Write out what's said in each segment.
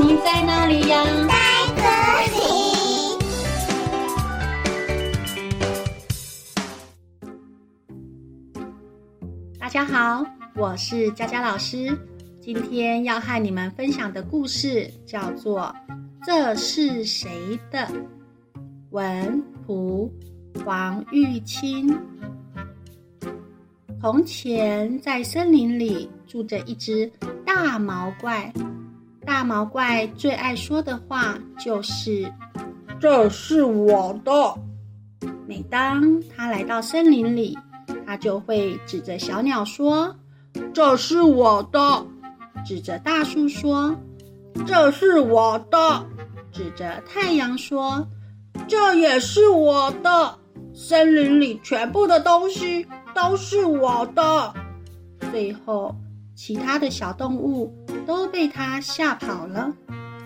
你在哪裡呀？在這裡。大家好，我是佳佳老師。今天要和你們分享的故事叫做《這是誰的文圖》黃玉清。從前，在森林裡住着一隻大毛怪。大毛怪最愛說的話就是：“這是我的。”每當他來到森林裡，他就會指着小鳥說：“這是我的。”指着大樹說：“這是我的。”指着太陽說：“這是我的。”指着太陽說：“這也是我的。”森林裡全部的東西都是我的。最後。其他的小動物都被它嚇跑了，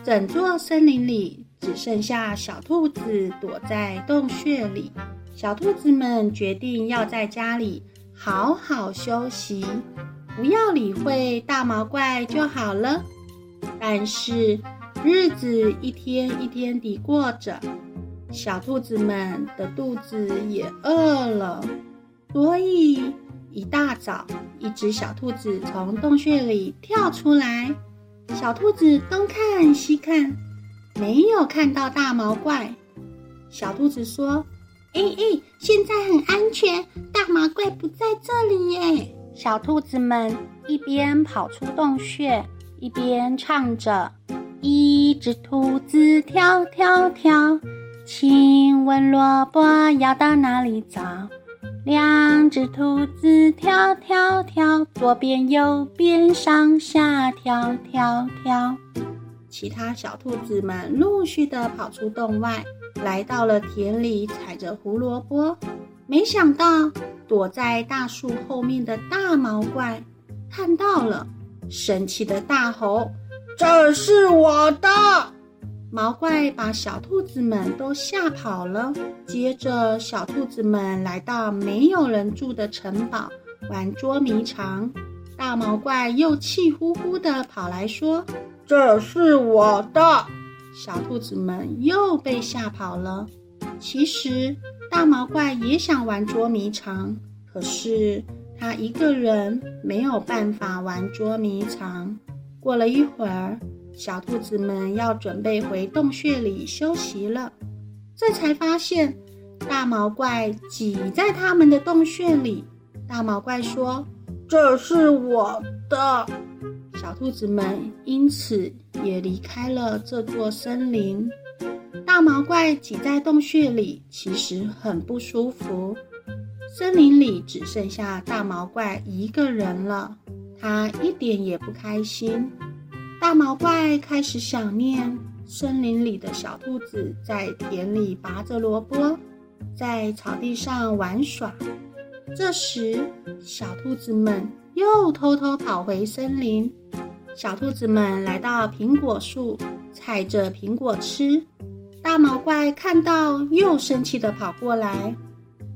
整座森林裡只剩下小兔子躲在洞穴裡。小兔子們決定要在家裡好好休息，不要理會大毛怪就好了。但是日子一天一天地過着，小兔子們的肚子也餓了，所以一大早。一隻小兔子從洞穴裡跳出來，小兔子東看西看，沒有看到大毛怪。小兔子說：“哎、欸、哎、欸，現在很安全，大毛怪不在這裡耶。”小兔子們一邊跑出洞穴，一邊唱着：“一隻兔子跳跳跳，請問蘿蔔要到哪裡找？”兩隻兔子跳跳跳，左邊右邊上下跳跳跳。其他小兔子們陸續的跑出洞外，來到了田裡踩着胡蘿蔔。沒想到，躲在大樹後面的大毛怪看到了，生氣的大吼：“這是我的！”毛怪把小兔子們都嚇跑了。接着，小兔子們來到沒有人住的城堡玩捉迷藏。大毛怪又氣呼呼地跑來說：“這是我的！”小兔子們又被嚇跑了。其實，大毛怪也想玩捉迷藏，可是他一個人沒有辦法玩捉迷藏。過了一會兒。小兔子們要準備回洞穴裡休息了，這才發現大毛怪擠在他們的洞穴裡。大毛怪說：“這是我的。”小兔子們因此也離開了這座森林。大毛怪擠在洞穴裡，其實很不舒服。森林裡只剩下大毛怪一個人了，他一點也不開心。大毛怪開始想念森林裡的小兔子，在田裡拔着蘿蔔，在草地上玩耍。這時，小兔子們又偷偷跑回森林。小兔子們來到蘋果樹，採着蘋果吃。大毛怪看到，又生氣地跑過來，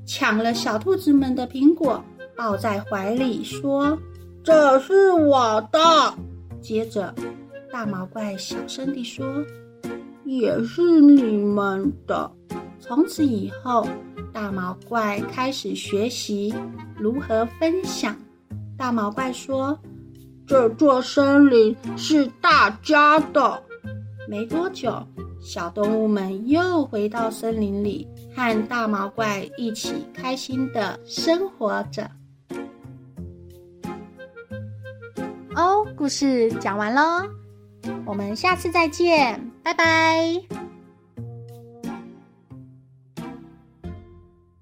搶了小兔子們的蘋果，抱在懷裡說：“這是我的。”接着，大毛怪小聲地說：“也是你們的。”從此以後，大毛怪開始學習如何分享。大毛怪說：“這座森林是大家的。”沒多久，小動物們又回到森林裡，和大毛怪一起開心地生活着。哦、oh。故事講完嘍，我們下次再見，拜拜。